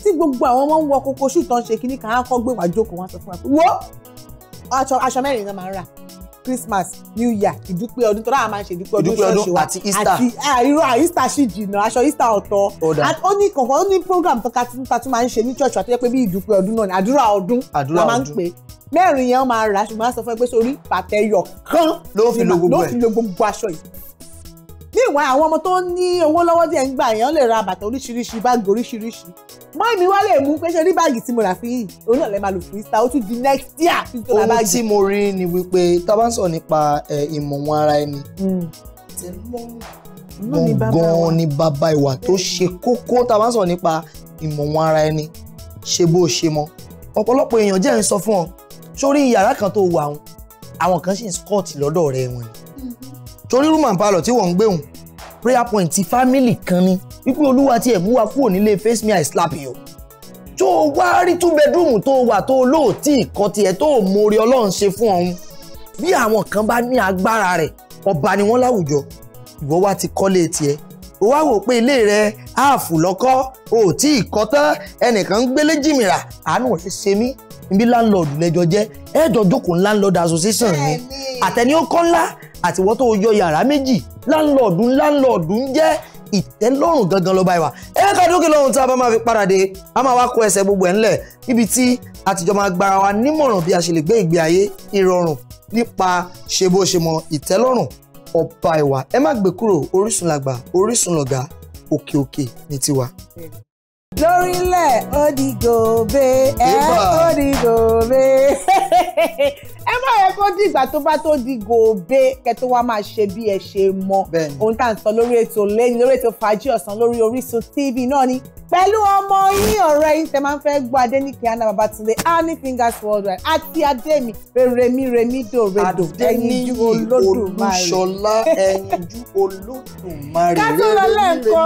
tí gbogbo àwọn ọmọ ń wọ koko ṣùtàn ṣe kínní kan á kọ́ gbé wàá jókòó wọn sọ fún wa pé wo aṣọ mẹ́rin náà máa ń rà christmas new year ìdúpẹ́ ọdún tó dáa máa ń ṣe ìdúpẹ́ ọdún ṣọ́ọ̀ṣì wa àti irú easter ṣì jìnnà aṣọ easter ọ̀tọ̀ ó ní kankan ó ní program tó ta tún máa ń ṣe ní church wa tó yẹ pé bí ìdúpẹ́ ọdún náà ni àdúrà ọdún la máa ń pè é mẹ́rin yẹn ó máa rà ṣùgbọ́n á sọ fún ẹ pé sórí pàtẹ́yọ̀ kan ló fi lo gbogbo aṣọ yìí meanwhile àwọn ọmọ tó ní owó lọ́wọ́ díẹ̀ ń gbà yẹn lè ra bàtà oríṣiríṣi báàgì oríṣiríṣi mọ́ èmi wá lè mú pé ṣe rí báàgì tí mo rà fún yìí òun náà lè máa lò fún ìta ó tún di next year ohun tí mo rí ni wípé tá a bá ń sọ nípa ìmọ̀ wọn ara ẹni hmm. gan ni bàbá ìwà tó ṣe kókó tá a bá ń sọ nípa ìmọ̀ wọn ara ẹni ṣe bó ṣe mọ ọ̀pọ̀lọpọ̀ èèyàn jẹ́ ń sọ fún ọ sórí yàrá kan tó wà àwọn kan ṣì ń scott lọ́dọ̀ rẹ wọn torí rúmọ̀ palọ̀ tí wọ́n ń gbéhùn prayer point ti family kan ni wípé olúwa tiẹ̀ mú wa kúrò nílé face me i slap you tó o wá rí two bedroom tó o wà tó o lóòtì ìkọ́ tiẹ̀ tó o mórí ọlọ́run ṣe fún ọ̀hún bí àwọn kan bá ní agbára rẹ̀ ọba ni wọ́n láwùjọ ìwọ wá ti kọ́lé tiẹ̀ o wá wò pé ilé rẹ áàfù lọ́kọ́ o tí ì kọ́ tán ẹnìkan ń gbélé jìmìrà àánú rẹ ṣe mí níbi láńlọ́ọ̀dù lẹ́jọ́ jẹ́ ẹ̀ẹ́dọ̀ jókòó association ni àtẹni ó kọ́ ńlá àtiwọ́ tó yọ yàrá méjì láńlọ́ọ̀dù láńlọ́ọ̀dù jẹ́ ìtẹ́lọ́rùn gangan lọ́ba ìwà ẹ ká dókè lọ́hùn tá a bá máa fi padà dé a máa wá kó ẹsẹ̀ gbogbo ẹ̀ ńlẹ̀ níbi tí àtijọ́ máa gba wa nímọ̀ràn bí a ṣe lè gbé ìgbé ayé ìrọ̀rùn nípa ṣe bó ṣe mọ ìtẹ́lọ́rùn ọba ìwà ẹ má gbé kúrò Orísun làgbà Orísun lọ̀gá òkè òkè ní tiwa. lórílẹ̀ odigobe ẹ̀ odigobe ẹ má yẹ kó di ìgbà tó bá tó di gòbe kẹ tó máa ṣe bí ẹ ṣe mọ ohun tá à ń sọ lórí ètò lẹ́yìn lórí ètò fàájì ọ̀sán lórí Orísun TV náà ni pẹ̀lú ọmọ yín ọ̀rẹ́ yín tẹ máa ń fẹ́ gbọ́ Adéníkè Anna Babátúndé honey fingers worldwide àti Adémi rèrèmí rèmídò rèdò ẹyinjú Olódùmarè Olúṣọlá ẹyinjú Olódùmarè rèrèmí rèmídò rèdò.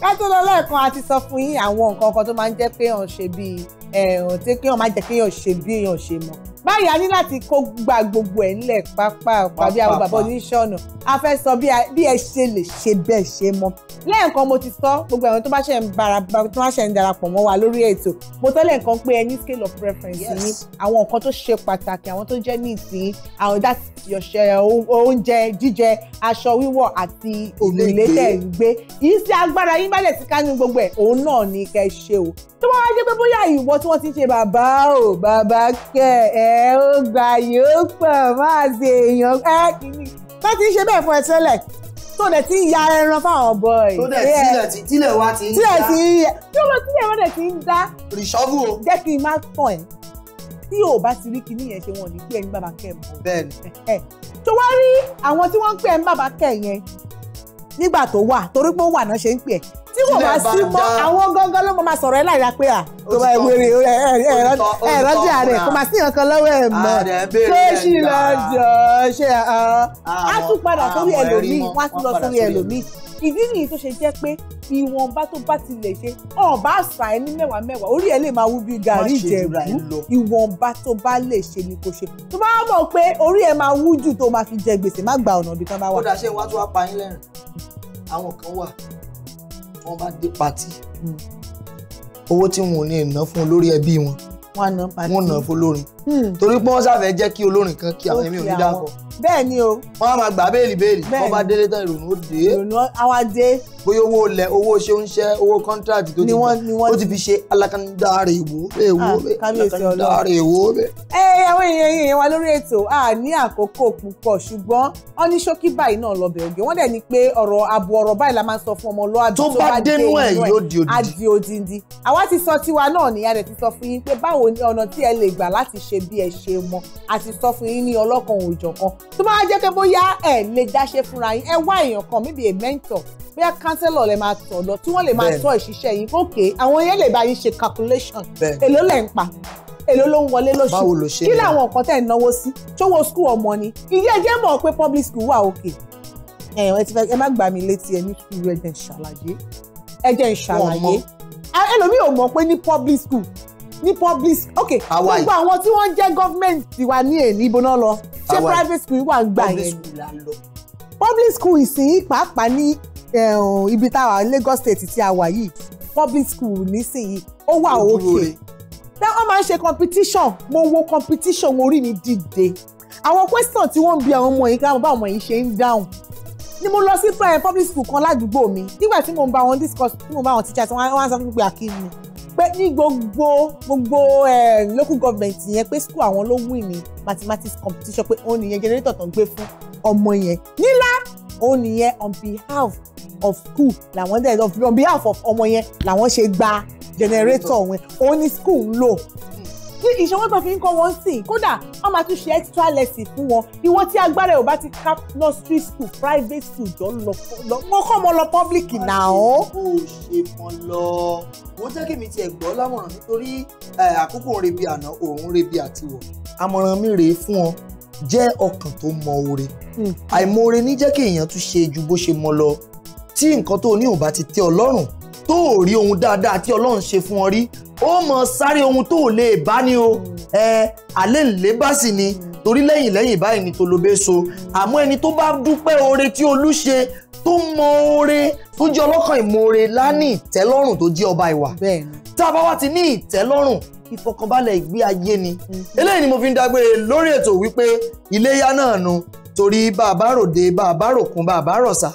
ká lọ lẹ́ẹ̀kan a sọ fún yín àwọn nǹkan kan tó máa ń jẹ́ pé èèyàn ṣe bí eh, èèyàn tí kéèyàn máa jẹ́ kéèyàn ṣe bí èèyàn ṣe mọ̀ báyìí a ní láti kó gba gbogbo ẹ̀ ńlẹ̀ pápá tàbí àwọn bàbá oníṣọ́nà a fẹ́ sọ bí ẹ ṣe lè ṣe bẹ́ẹ̀ ṣe mọ́ lẹ́ẹ̀kan mo ti sọ gbogbo àwọn tó bá ṣe ń bara tó bá ṣe ń darapọ̀ mọ́ wa lórí ètò mo tọ́ lẹ́ẹ̀kan pé ẹ ní scale of preference yín àwọn nǹkan tó ṣe pàtàkì àwọn tó jẹ́ ní ìsìn àwọn that's your share oúnjẹ jíjẹ aṣọ wíwọ̀ àti òrùlé tẹ̀ ń gbé yìí sí agbára yín bá lẹ̀ ti ká ní gbogbo ẹ̀ òun náà ni kẹ́ ṣe o tó bá wá jẹ́ pé bóyá ìwọ tí wọ́n ti ń ṣe bàbá o bàbá kẹ́ ẹ ẹ ó gbà yóò pọ̀ máa ṣe èèyàn ẹ kìíní tó ti ń ṣe bẹ́ẹ̀ fún ẹ tẹ́lẹ̀ tó dẹ̀ ti ń ya ẹran fáwọn boy. tó dẹ̀ tilẹ̀ ti tilẹ̀ wá ti ń dá. tilẹ̀ ti ń yẹ tí ó lọ tilẹ̀ wá dẹ̀ ti ń dá. rìṣọ́bù o. jẹ́ kí n má tàn ẹ́ tí o bá ti rí kinní yẹn ṣe wọn ní kí ẹni bàbá kẹ́ ẹ̀ mọ́. bẹ́ẹ̀ni. tó wá rí àwọn tí wọ́n ń pè ẹ́ ń bàbá kẹ́ yẹn nígbà tó wà torí pé ó wà náà ṣe ń pè ẹ́ tí kò bá sí mọ́ àwọn gángan ló máa sọ̀rọ̀ ẹ̀ láyà pé à tó bá wèrè ẹ̀ rántí ààrẹ kò máa sí nǹkan lọ́wọ́ ẹ̀ mọ́ ṣé ṣì lọ́jọ́ ṣe á tún padà sórí ẹlòmíì wọ́n á tún lọ sórí ẹlòmíì ìdí nìyí tó ṣe jẹ́ pé ìwọ̀nba tó bá ti lè ṣe ọ̀bá àṣà ẹni mẹ́wàá mẹ́wàá orí ẹ̀ lè máa wú bíi gàrí ìjẹ̀bú ìwọ̀nba tó bá lè ṣe ni kò ṣe tó bá mọ̀ pé orí ẹ̀ máa wú jù tó máa fi jẹ gbèsè má gba ọ̀nà ibi tán bá wà. kódà ṣé wàá tún wá pa yín lẹ́rìn àwọn kan wà wọ́n bá dé patí hmm. owó tí wọn ò ní ná fún olórí ẹbí wọn wọ́n ná fún olórin Hmm. torí pé wọ́n ṣàfẹ́ jẹ́ kí olórin kan kí àwọn èmi ò ní dàpọ̀. bẹ́ẹ̀ ni o. wọ́n á máa gbà béèlì béèlì wọ́n bá délé tán ìrònú ó dé. ìrònú àwa dé. bóyá owó lẹ owó ṣe ń ṣe owó kọ́ńtíráàtì tó ti ó ti fi ṣe alákàndáre ìwò èwo ah, alákàndáre ìwò. ẹ àwọn èèyàn èèyàn wa lórí ètò a ní àkókò púpọ̀ ṣùgbọ́n wọ́n ní ṣókí báyìí náà lọ bẹ̀rù wọ́n dẹ̀ ní pé ọ̀rọ̀ àbò ọ̀rọ̀ báyìí la máa ń sọ fún ọmọlúwàbí tó bá dénú ẹ̀ yóò di odindi. àwa ti sọ tiwa náà nìyá rẹ̀ ti sọ fún yín pé báwo ni ọ̀nà tí ẹ lè gbà láti ṣ ṣe bí ẹ ṣe mọ àti sọ fún yín ní ọlọ́kan òòjọ̀kan tó bá jẹ́ pé bóyá ẹ lè dáṣe fúnra yín ẹ wá èèyàn kan maybe a mentor bóyá kánsẹ́lọ̀ lè máa tọ̀ lọ tí wọ́n lè máa tọ́ ìṣiṣẹ́ yín ok àwọn yẹn lè bá yín ṣe calculation èló lẹ̀ ń pa èló ló ń wọlé lóṣù kí làwọn nǹkan tẹ̀ ń náwó sí ṣówó school ọmọ ni ìyá ẹ jẹ́ mọ̀ pé public school wà òkè ẹ má gbà mí létí ẹ ní sùúrù ẹ jẹ́ ń ṣàlàyé ẹ jẹ́ ń ṣàlàyé ẹlòmíì ò mọ̀ pé ní public school ní public ok gbogbo àwọn tí wọ́n jẹ́ gọ́fìmẹ̀ntì wa ní èyí ibo náà lọ ṣé private school wà ń gbà yẹn public school ìsìn pàápàá ní eh, ibi táwa Lagos state tí a wà yìí public school nísìnyí ó wà òkè tẹ wọ́n máa ń ṣe competition mo wo competition mo rí mi dìde àwọn question tí wọ́n ń bi àwọn ọmọ yìí káwọn bá ọmọ yìí ṣe ń dáhùn ni mo lọ sí public school kan ládùúgbò mi nígbà tí mo ń bá wọn discuss tí mo bá wọn teacher tí wọ́n á sọ fún mi pé àkíní pé ní gbogbo gbogbo local government yẹn pé school àwọn ló win ní mathematics competition pé òun nìyẹn generator tó ń gbé fún ọmọ yẹn nílá òun nìyẹn on behalf of school làwọn dẹ̀ on behalf of ọmọ yẹn làwọn ṣe gba generator wọn òun ni school ń lò tí ìṣòwò tó fi ń kọ́ wọn sí kódà wọ́n máa tún ṣe extra lesson fún wọn ìwọ tí agbára ẹ̀ ò bá ti cap nursery school private school jọ lọ wọ́n kọ́ ọmọ lọ public náà. kó o ṣe mọ lọ wọ́n jẹ́ kí mi tiẹ̀ gbọ́ lámọ̀ràn nítorí àkókò rebi àná òun rebi àtiwọ̀ àmọ̀ràn mi rèé fún ọ jẹ́ ọkàn tó mọ oore hmm. àìmoore ní jẹ́ kí èèyàn tún ṣe ju bó ṣe mọ lọ tí nǹkan tó ní ò bá ti tẹ́ ọ lọ́rùn tó ò rí ohun dáadáa tí Ọlọ́run ṣe fún ọ rí ó mọ sáré ohun tó lè bá ní o ẹ alẹ́ ńlẹ́ bá sì ni torí lẹ́yìn lẹ́yìn báyìí ni tolóbe so àmọ́ ẹni tó bá dúpẹ́ oore tí olúṣe tó mọ oore tó jẹ́ ọlọ́kàn ìmoore lání ìtẹ́lọ́rùn tó jẹ́ ọba ìwà tá a bá wá ti ní ìtẹ́lọ́rùn ìfọkànbalẹ̀ ìgbé ayé ni mm. eléyìí ni mo fi ń dágbére lórí ètò wípé iléyá náà nu torí bàbá ròde bàbá ròkun bàbá rọ̀ṣà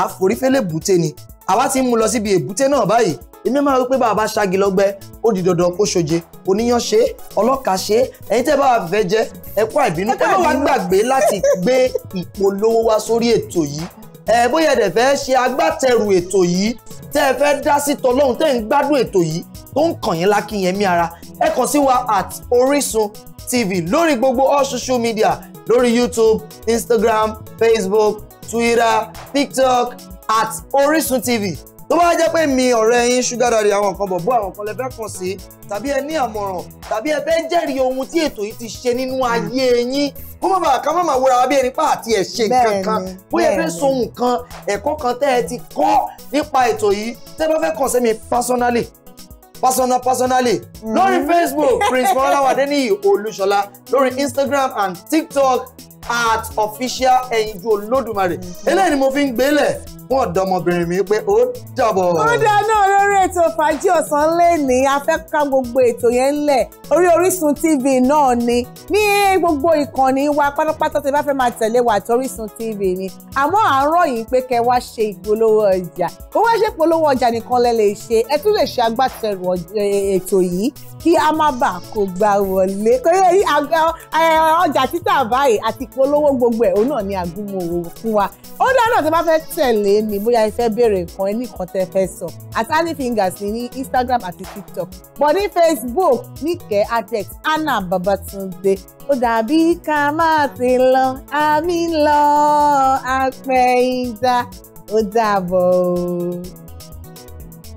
àforífẹ́lẹ̀ bùté ni àwa ti ń mú lọ síbi èbúté náà báyìí èmi máa wí pé bàbá ṣáàgì lọ́gbẹ́ ó di dandan kó ṣoje oníyàn ṣe ọlọ́kà ṣe ẹ̀yin tẹ́ bá wà fẹ́ jẹ́ ẹ kú àìbínú ẹ má wá gbàgbé láti gbé ìpolówó wá sórí ètò yìí ẹ bóyá ẹ̀dẹ̀ fẹ́ ṣe agbátẹrù ètò yìí tẹ́ ẹ fẹ́ dá sí tọlọ́hún tẹ́ ẹ ń gbádùn ètò yìí tó ń kàn yín lákìyẹn mí ara ẹ kàn sí wa at Orísun TV lórí gbogbo all social media lórí YouTube Instagram Facebook Twitter TikTok at Orisun TV tó bá jẹ́ pé mi ọ̀rẹ́ yín sugar daddy àwọn nǹkan bọ̀ bó àwọn nǹkan lẹ́fẹ́ kàn sí tàbí ẹ ní àmọ̀ràn tàbí ẹ fẹ́ jẹ́rìí ohun tí ètò yìí ti ṣe nínú ayé yín kó má bàa ká má máa wúra wa bí ẹni pa àti ẹ̀ ṣe nǹkan kan bóyá ẹ fẹ́ sọ nǹkan ẹ̀kọ́ kan tẹ́ ẹ ti kọ́ nípa ètò yìí tẹ́ bá fẹ́ kàn sí personally personal personally mm-hmm. lórí Facebook Prince Mọ́láwádé ní Olúṣọlá lórí Instagram and TikTok at official ẹyinjú olódùmarè eléyìí ni mo fi ń gbélẹ̀ fún ọ̀dọ́mọbìnrin mi pé ó dàbọ̀. ó dáa náà lórí ètò fàájì ọ̀sán lẹ́ni afẹ́ká gbogbo ètò yẹn ńlẹ̀ orí Orísun TV náà ni ní gbogbo ìkànnì wa pátápátá tí bá fẹ́ máa tẹ̀lé wa àti Orísun TV ni àmọ́ à ń rọ̀ yín pé kẹ́ wá ṣe ìpolówó ọjà kó wá ṣe ìpolówó ọjà nìkan lẹ lè ṣe ẹ tún lè ṣe agbátẹrù ètò yìí kí a má bàa kó gbà wọlé ọjà títà báyìí àti polówó gbogbo ẹ̀ òun náà ni àgúnmòwò fún wa ó dáná tó bá fẹ́ tẹ̀lé mi bóyá ẹ fẹ́ béèrè nǹkan ẹni kan tẹ́ fẹ́ sọ atani fingers ní Instagram àti TikTok bọ̀ ní Facebook níkẹ́ atex Anna Babatunde ó dàbí ká máa ti lọ àmì lọ àpẹ̀yìndà ó dàbọ̀ o.